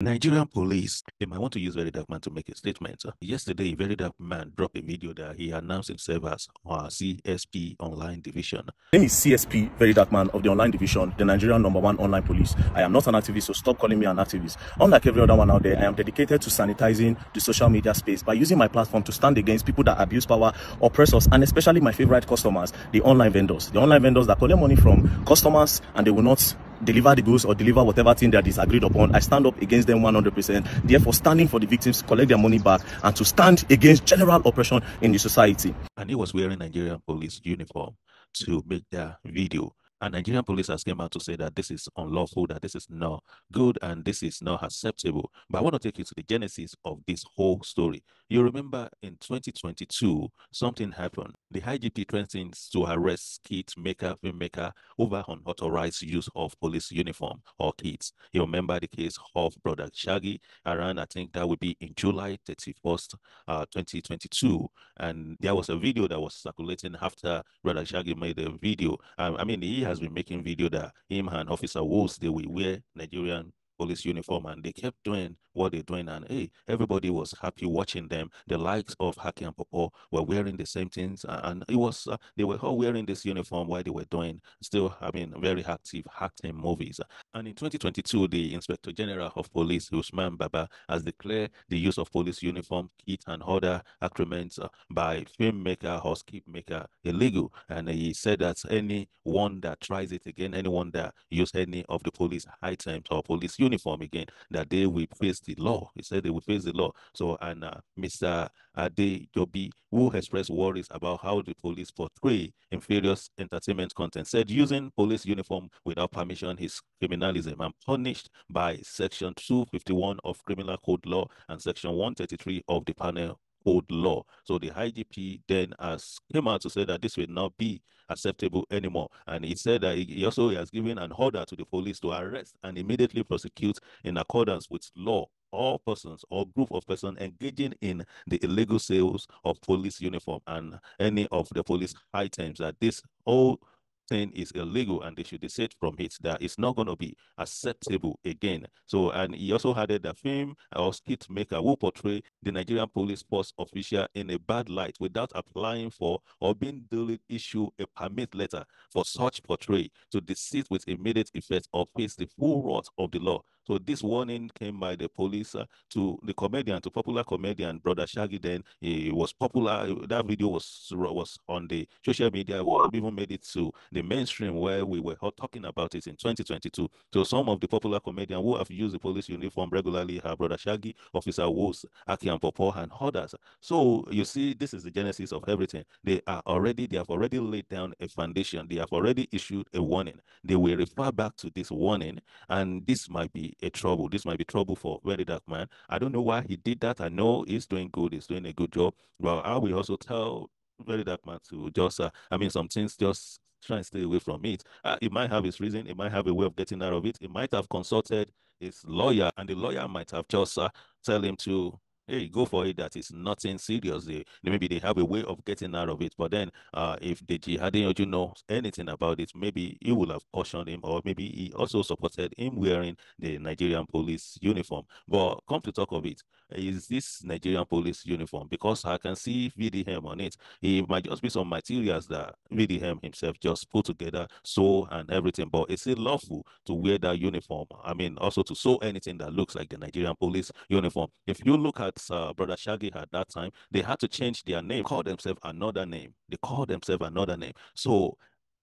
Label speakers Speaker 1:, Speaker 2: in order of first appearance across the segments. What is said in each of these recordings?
Speaker 1: Nigerian police, they might want to use Very Dark Man to make a statement. Yesterday, Very Dark Man dropped a video
Speaker 2: that he announced himself as our CSP Online Division. My name is CSP Very Dark Man of the Online Division, the Nigerian number one online police. I am not an activist, so stop calling me an activist. Unlike every other one out there, I am dedicated to sanitizing the social media space by using my platform to stand against people that abuse power, oppressors, and especially my favorite customers, the online vendors. The online vendors that collect money from customers and they will not deliver the goods or deliver whatever thing that is agreed upon. I stand up against them 100%. Therefore, standing for the victims, collect their money back, and to stand against general oppression in the society. And he was wearing Nigerian police
Speaker 1: uniform to
Speaker 2: make their video.
Speaker 1: And Nigerian police has came out to say that this is unlawful, that this is not good, and this is not acceptable. But I want to take you to the genesis of this whole story. You remember in 2022, something happened. The IGP threatens to arrest kit maker, filmmaker over unauthorized use of police uniform or kits. You remember the case of Brother Shaggy around, I think that would be in July 31st, uh, 2022. And there was a video that was circulating after Brother Shaggy made a video. Um, I mean, he has been making video that him and Officer Wolves, they will wear Nigerian police uniform and they kept doing what they're doing and hey everybody was happy watching them the likes of Haki and Popo were wearing the same things and it was uh, they were all wearing this uniform while they were doing still having very active acting movies and in 2022 the Inspector General of Police Usman Baba has declared the use of police uniform kit and other accoutrements uh, by filmmaker or maker illegal and he said that anyone that tries it again anyone that uses any of the police items or police uniform uniform again, that they will face the law. He said they will face the law. So, and uh, Mr. Ade Jobi, who expressed worries about how the police portray inferior entertainment content, said using police uniform without permission is criminalism and punished by Section 251 of Criminal Code Law and Section 133 of the Penal old law. So the IGP then has came out to say that this will not be acceptable anymore. And he said that he also has given an order to the police to arrest and immediately prosecute in accordance with law all persons or group of persons engaging in the illegal sales of police uniform and any of the police items that this all thing is illegal and they should desist from it that it's not going to be acceptable again so and he also added a film or skit maker who portray the nigerian police force official in a bad light without applying for or being duly issued a permit letter for such portray to desist with immediate effect or face the full wrath of the law so this warning came by the police uh, to the comedian, to popular comedian Brother Shaggy. Then he was popular. That video was was on the social media. We even made it to the mainstream where we were talking about it in 2022. So some of the popular comedians who have used the police uniform regularly are Brother Shaggy, Officer Wolves, Aki and Popo, and others. So you see, this is the genesis of everything. They are already they have already laid down a foundation. They have already issued a warning. They will refer back to this warning, and this might be a trouble. This might be trouble for very dark man. I don't know why he did that. I know he's doing good. He's doing a good job. Well, I will also tell very dark man to just, uh, I mean, some things just try and stay away from it. Uh, it might have its reason. It might have a way of getting out of it. It might have consulted his lawyer, and the lawyer might have just uh, tell him to hey, go for it. That is nothing serious. They, maybe they have a way of getting out of it. But then, uh, if the jihadi you knows anything about it, maybe he would have cautioned him, or maybe he also supported him wearing the Nigerian police uniform. But come to talk of it, is this Nigerian police uniform? Because I can see VDM on it. It might just be some materials that VDM himself just put together, sew and everything. But it's it lawful to wear that uniform. I mean, also to sew anything that looks like the Nigerian police uniform. If you look at uh, Brother Shaggy had that time, they had to change their name, call themselves another name. They called themselves another name. So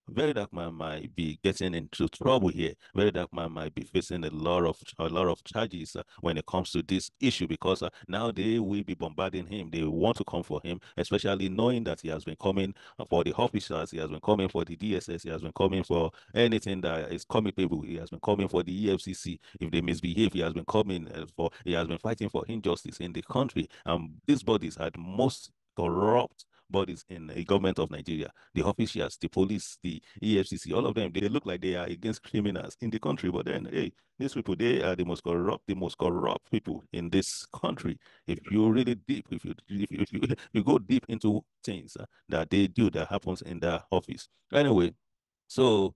Speaker 1: very dark man might be getting into trouble here. Very dark man might be facing a lot of a lot of charges uh, when it comes to this issue because uh, now they will be bombarding him. They want to come for him, especially knowing that he has been coming for the officers, he has been coming for the DSS, he has been coming for anything that is coming. People He has been coming for the EFCC if they misbehave. He has been coming uh, for he has been fighting for injustice in the country. And um, these bodies had most corrupt bodies in the government of Nigeria, the officials, the police, the EFCC, all of them, they, look like they are against criminals in the country. But then, hey, these people, they are the most corrupt, the most corrupt people in this country. If you really deep, if you if you, if you, you go deep into things uh, that they do that happens in their office. Anyway, so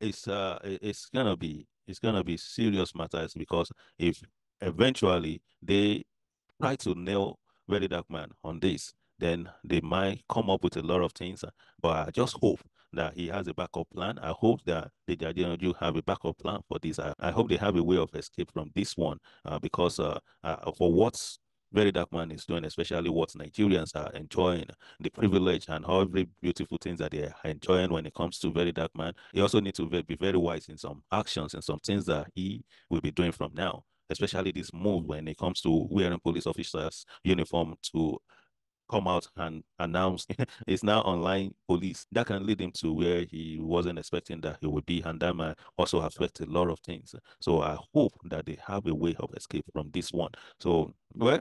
Speaker 1: it's uh it's gonna be it's gonna be serious matters because if eventually they try to nail very dark man on this then they might come up with a lot of things. Uh, but I just hope that he has a backup plan. I hope that the Jajenoju have a backup plan for this. I, I, hope they have a way of escape from this one uh, because uh, uh, for what's very dark man is doing, especially what Nigerians are enjoying, the privilege and all the beautiful things that they are enjoying when it comes to very dark man. He also needs to be very wise in some actions and some things that he will be doing from now especially this move when it comes to wearing police officers uniform to come out and announce it's now online police. That can lead him to where he wasn't expecting that he would be, and that might also affect a lot of things. So I hope that they have a way of escape from this one. So well,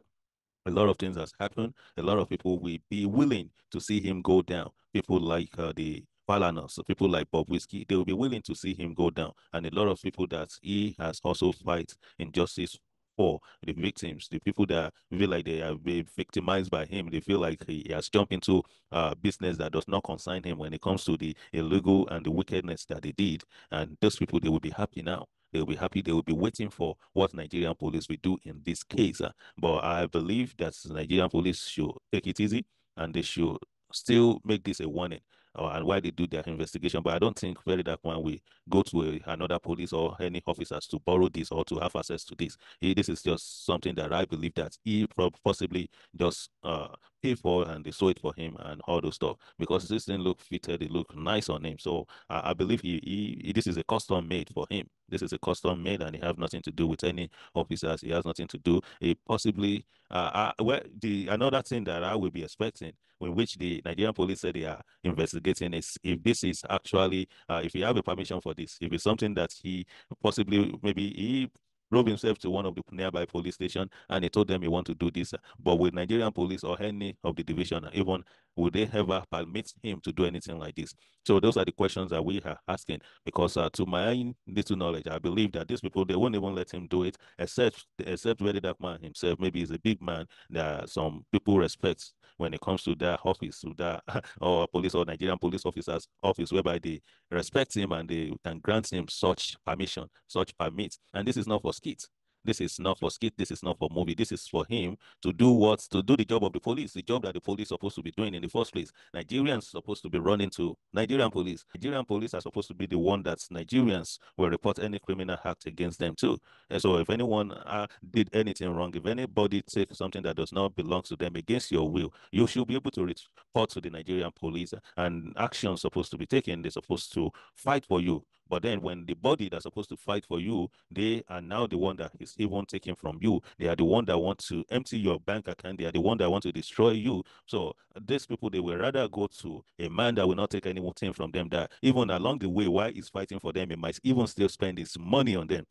Speaker 1: a lot of things has happened. A lot of people will be willing to see him go down. People like uh, the Falanas, people like Bob Whiskey, they will be willing to see him go down. And a lot of people that he has also fight injustice for the victims, the people that feel like they have been victimized by him. They feel like he has jumped into a business that does not concern him when it comes to the illegal and the wickedness that they did. And those people, they will be happy now they will be happy. They will be waiting for what Nigerian police will do in this case. Uh. But I believe that Nigerian police should take it easy and they should still make this a warning and why they do their investigation. But I don't think very that when we go to a, another police or any officers to borrow this or to have access to this. This is just something that I believe that he possibly just uh, pay for and they sew it for him and all those stuff because this thing look fitted, it look nice on him. So I, I believe he, he, he, this is a custom made for him. This is a custom made and he have nothing to do with any officers. He has nothing to do. He possibly uh, I, well, the another thing that I will be expecting, in which the Nigerian police said they are investigating, is if this is actually uh, if he have a permission for this, if it's something that he possibly maybe he drove himself to one of the nearby police station and he told them he want to do this. Uh, but with Nigerian police or any of the division, uh, even would they ever permit him to do anything like this? So those are the questions that we are asking because uh, to my little knowledge, I believe that these people, they won't even let him do it except except whether that man himself, maybe he's a big man that some people respect when it comes to that office, to that or police or Nigerian police officers office, whereby they respect him and they can grant him such permission, such permit. And this is not for skits. This is not for skit. This is not for movie. This is for him to do what to do the job of the police, the job that the police supposed to be doing in the first place. Nigerians supposed to be running to Nigerian police. Nigerian police are supposed to be the one that Nigerians will report any criminal act against them too. And so if anyone uh, did anything wrong, if anybody take something that does not belong to them against your will, you should be able to report to the Nigerian police and actions supposed to be taken. They're supposed to fight for you but then when the body that's supposed to fight for you, they are now the one that is even taken from you. They are the one that want to empty your bank account. They are the one that want to destroy you. So uh, these people, they will rather go to a man that will not take anything from them that even along the way, while he's fighting for them, he might even still spend his money on them.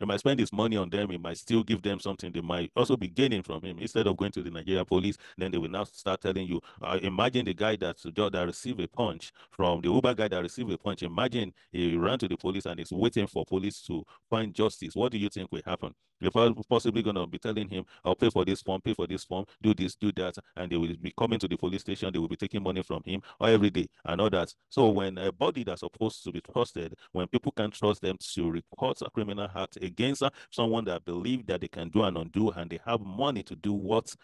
Speaker 1: They might spend his money on them. He might still give them something they might also be gaining from him. Instead of going to the Nigeria police, then they will now start telling you. Uh, imagine the guy that, that received a punch from the Uber guy that received a punch. Imagine he ran to the police and is waiting for police to find justice. What do you think will happen? You're possibly going to be telling him, I'll pay for this form, pay for this form, do this, do that. And they will be coming to the police station. They will be taking money from him every day and all that. So when a body that's supposed to be trusted, when people can trust them to report a criminal act against uh, someone that believe that they can do and undo and they have money to do what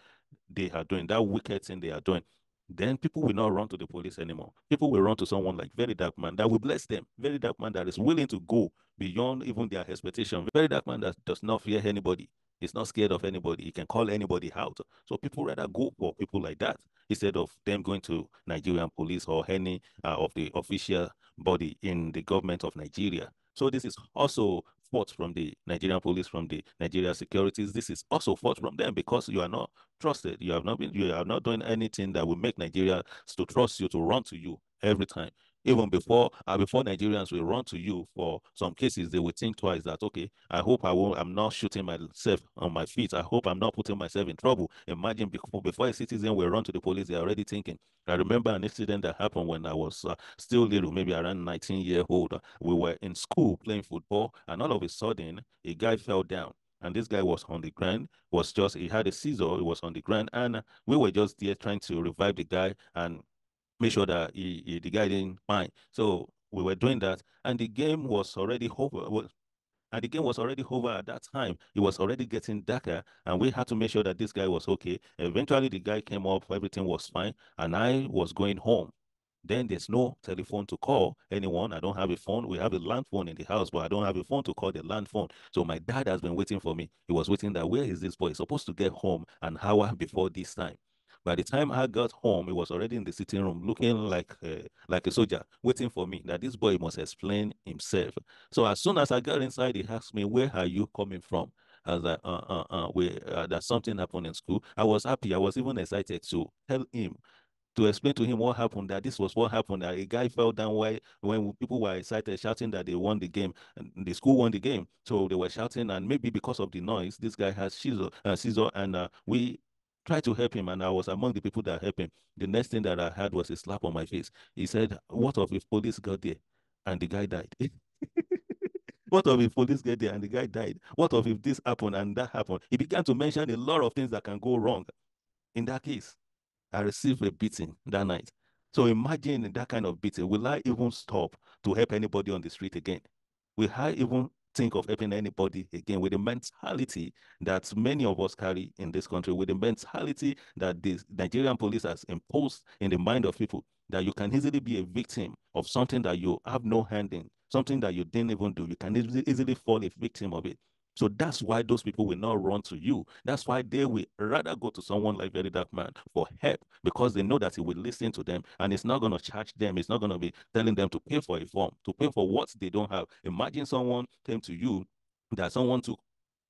Speaker 1: they are doing, that wicked thing they are doing then people will not run to the police anymore. People will run to someone like Very Dark Man that will bless them. Very Dark Man that is willing to go beyond even their expectation. Very Dark Man that does not fear anybody. He's not scared of anybody. He can call anybody out. So people rather go for people like that instead of them going to Nigerian police or any uh, of the official body in the government of Nigeria. So this is also fought from the Nigerian police, from the Nigerian securities. This is also fought from them because you are not trusted. You have not been, you are not doing anything that will make Nigeria to trust you, to run to you every time even before uh, before Nigerians will run to you for some cases, they will think twice that okay, I hope I will not I'm not shooting myself on my feet. I hope I'm not putting myself in trouble. Imagine before before a citizen will run to the police, they're already thinking. I remember an incident that happened when I was uh, still little, maybe around 19 year old. We were in school playing football, and all of a sudden, a guy fell down and this guy was on the ground was just he had a scissor he was on the ground and we were just there trying to revive the guy and make sure that he, he, the guy didn't mind. So we were doing that, and the game was already over. and the game was already over at that time. It was already getting darker, and we had to make sure that this guy was okay. Eventually, the guy came up, everything was fine, and I was going home. Then there's no telephone to call anyone. I don't have a phone. We have a land phone in the house, but I don't have a phone to call the land phone. So my dad has been waiting for me. He was waiting that where is this boy? He's supposed to get home an hour before this time. By the time I got home, he was already in the sitting room, looking like uh, like a soldier, waiting for me. That this boy must explain himself. So as soon as I got inside, he asked me, "Where are you coming from?" As I, uh, uh, uh, we, uh, that something happened in school. I was happy. I was even excited to tell him to explain to him what happened, that this was what happened, that a guy fell down while, when people were excited, shouting that they won the game, and the school won the game. So they were shouting, and maybe because of the noise, this guy has seizure, uh, and uh, we tried to help him, and I was among the people that helped him. The next thing that I had was a slap on my face. He said, What of if police got there and the guy died? what of if police get there and the guy died? What of if this happened and that happened? He began to mention a lot of things that can go wrong. In that case, I received a beating that night. So imagine that kind of beating. Will I even stop to help anybody on the street again? Will I even think of helping anybody again with the mentality that many of us carry in this country, with the mentality that the Nigerian police has imposed in the mind of people that you can easily be a victim of something that you have no hand in, something that you didn't even do. You can easily fall a victim of it. So that's why those people will not run to you. That's why they will rather go to someone like Very Dark Man for help because they know that he will listen to them and it's not going to charge them. It's not going to be telling them to pay for a form, to pay for what they don't have. Imagine someone came to you that someone took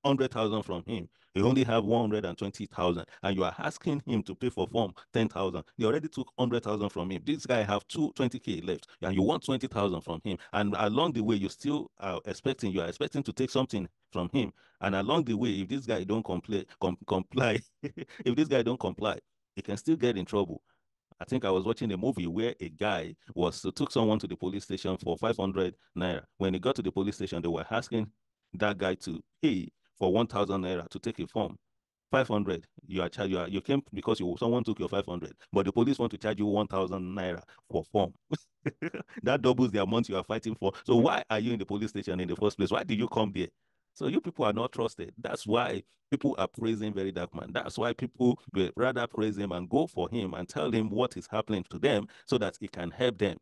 Speaker 1: hundred thousand from him. You only have one hundred and twenty thousand, and you are asking him to pay for form ten thousand. They already took hundred thousand from him. This guy have two twenty k left, and you want twenty thousand from him. And along the way, you still are expecting you are expecting to take something from him. And along the way, if this guy don't comply, com comply, if this guy don't comply, he can still get in trouble. I think I was watching a movie where a guy was took someone to the police station for 500 naira. When he got to the police station, they were asking that guy to pay for 1,000 naira to take a form. 500 you are charged you, are, you came because you someone took your 500 but the police want to charge you 1000 naira for form that doubles the amount you are fighting for so why are you in the police station in the first place why did you come there so you people are not trusted that's why people are praising very dark man that's why people will rather praise him and go for him and tell him what is happening to them so that he can help them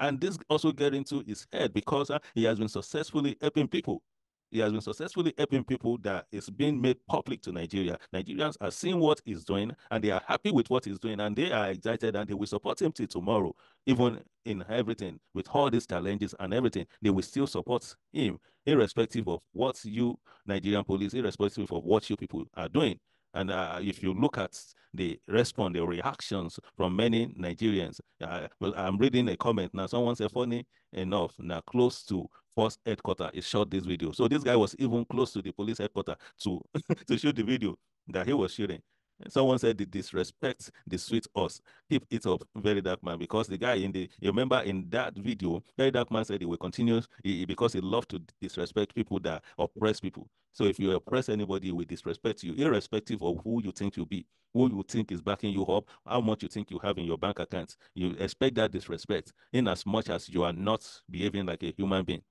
Speaker 1: and this also get into his head because uh, he has been successfully helping people he has been successfully helping people that is being made public to Nigeria. Nigerians are seeing what he's doing and they are happy with what he's doing and they are excited and they will support him till tomorrow, even in everything, with all these challenges and everything, they will still support him, irrespective of what you Nigerian police, irrespective of what you people are doing. And uh, if you look at the response, the reactions from many Nigerians, uh, well, I'm reading a comment now. Someone said, funny enough, now close to force headquarters is shot this video. So this guy was even close to the police headquarters to, to shoot the video that he was shooting. Someone said the disrespect the sweet us. Keep it up, very dark man. Because the guy in the you remember in that video, very dark man said he will continue he, because he loved to disrespect people that oppress people. So if you oppress anybody, we disrespect you, irrespective of who you think you be, who you think is backing you up, how much you think you have in your bank account. You expect that disrespect in as much as you are not behaving like a human being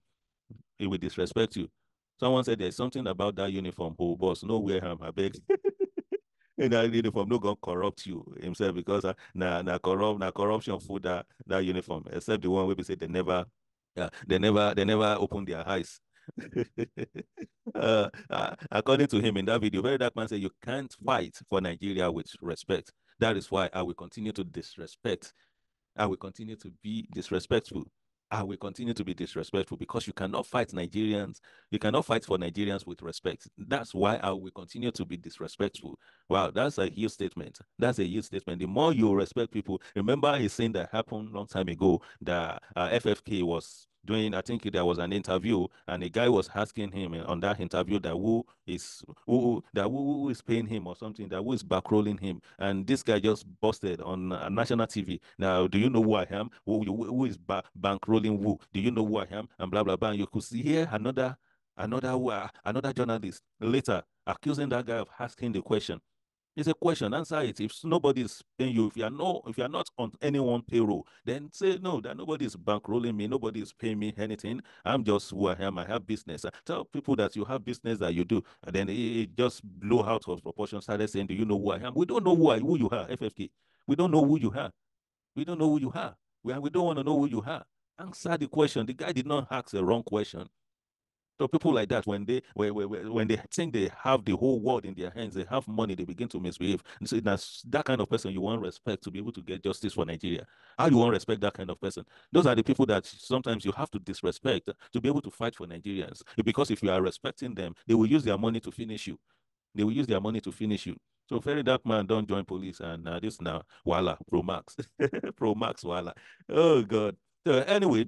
Speaker 1: he will disrespect you. Someone said there's something about that uniform, oh boss, no wear him, I beg. in that uniform, no gonna corrupt you himself because uh, na na corrupt na corruption for that that uniform, except the one where we say they never yeah, they never they never open their eyes. uh, uh, according to him in that video, very dark man said you can't fight for Nigeria with respect. That is why I will continue to disrespect. I will continue to be disrespectful I will continue to be disrespectful because you cannot fight Nigerians. You cannot fight for Nigerians with respect. That's why I will continue to be disrespectful. Wow, that's a huge statement. That's a huge statement. The more you respect people, remember a saying that happened long time ago that uh, FFK was doing, I think there was an interview, and a guy was asking him eh, on that interview that who is who that who is paying him or something, that who is backrolling him, and this guy just busted on uh, national TV. Now, do you know who I am? Who, who is ba- bankrolling who? Do you know who I am? And blah blah blah. And you could see here another another uh, another journalist later accusing that guy of asking the question it's a question. Answer it. If nobody's paying you, if you are no, if you are not on anyone payroll, then say no. That nobody's bankrolling me. Nobody's paying me anything. I'm just who I am. I have business. Tell people that you have business that you do, and then it, it just blow out of proportion. Started saying, "Do you know who I am?" We don't know who I, who you are. FFK. We don't know who you are. We don't know who you are. We, we don't want to know who you are. Answer the question. The guy did not ask the wrong question. So people like that, when they when they think they have the whole world in their hands, they have money, they begin to misbehave. And so that's that kind of person you want respect to be able to get justice for Nigeria. How you want respect that kind of person? Those are the people that sometimes you have to disrespect to be able to fight for Nigerians. Because if you are respecting them, they will use their money to finish you. They will use their money to finish you. So very dark man, don't join police. And uh, this now, voila, Pro Max, Pro Max, voila. Oh God. So anyway,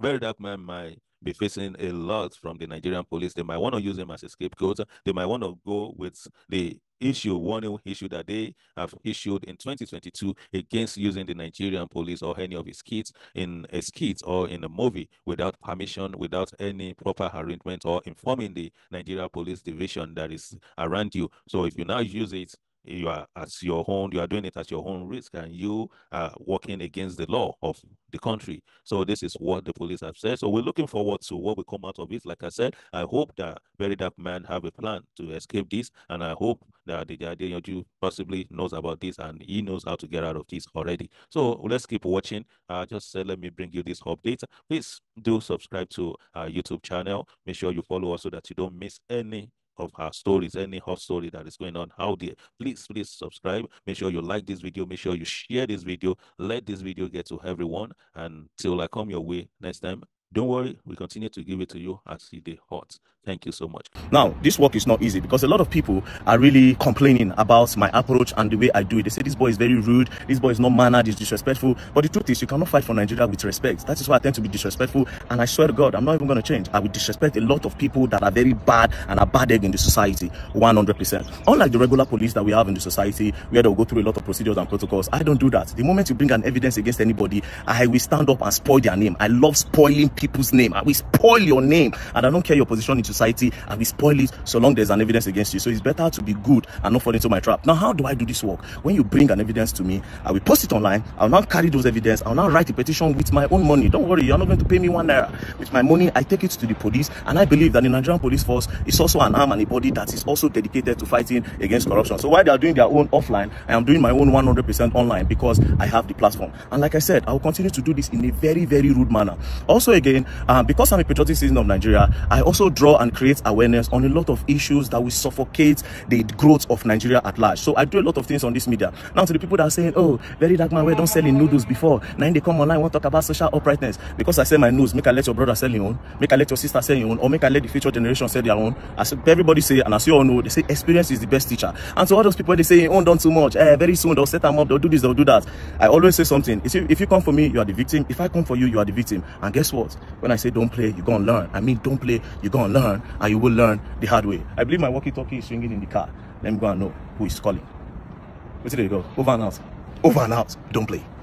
Speaker 1: very dark man, my be facing a lot from the Nigerian police. They might want to use him as a scapegoat. They might want to go with the issue, warning issue that they have issued in 2022 against using the Nigerian police or any of his kids in a skit or in a movie without permission, without any proper arrangement or informing the Nigeria police division that is around you. So if you now use it, you are as your own you are doing it at your own risk and you are working against the law of the country so this is what the police have said so we're looking forward to what will come out of it like i said i hope that very dark man have a plan to escape this and i hope that the you possibly knows about this and he knows how to get out of this already so let's keep watching uh just said uh, let me bring you this update please do subscribe to our youtube channel make sure you follow us so that you don't miss any of our stories, any hot story that is going on out there. Please, please subscribe. Make sure you like this video. Make sure you share this video. Let this video get to everyone. And till I come your way next time, don't worry, we continue to give it to you as it is hot.
Speaker 2: Thank you so much. Now, this work is not easy because a lot of people are really complaining about my approach and the way I do it. They say this boy is very rude, this boy is not mannered, he's disrespectful. But the truth is, you cannot fight for Nigeria with respect. That is why I tend to be disrespectful. And I swear to God, I'm not even going to change. I will disrespect a lot of people that are very bad and are bad egg in the society 100%. Unlike the regular police that we have in the society, where they'll go through a lot of procedures and protocols, I don't do that. The moment you bring an evidence against anybody, I will stand up and spoil their name. I love spoiling people people's name I will spoil your name and i don't care your position in society I will spoil it so long there's an evidence against you so it's better to be good and not fall into my trap now how do i do this work when you bring an evidence to me i will post it online i'll now carry those evidence i'll now write a petition with my own money don't worry you're not going to pay me one naira with my money i take it to the police and i believe that the nigerian police force is also an arm and a body that is also dedicated to fighting against corruption so while they are doing their own offline i am doing my own 100 percent online because i have the platform and like i said i'll continue to do this in a very very rude manner also again saying, um, because I'm a patriotic citizen of Nigeria, I also draw and create awareness on a lot of issues that will suffocate the growth of Nigeria at large. So I do a lot of things on this media. Now to the people that are saying, oh, very dark man, we don't sell in noodles before. Now they come online, want to talk about social uprightness. Because I sell my news, make I let your brother sell your own, make I let your sister sell your own, or make I let the future generation sell their own. As everybody say, and as you all know, they say experience is the best teacher. And so all those people, they say, oh, don't too much. Eh, very soon they'll set them up, they'll do this, they'll do that. I always say something. If you, if you come for me, you are the victim. If I come for you, you are the victim. And guess what? When I say don't play, you're going to learn. I mean, don't play, you're going to learn, and you will learn the hard way. I believe my walkie-talkie is swinging in the car. Let me go and know who is calling. Wait there they go. Over and out. Over and out. Don't play.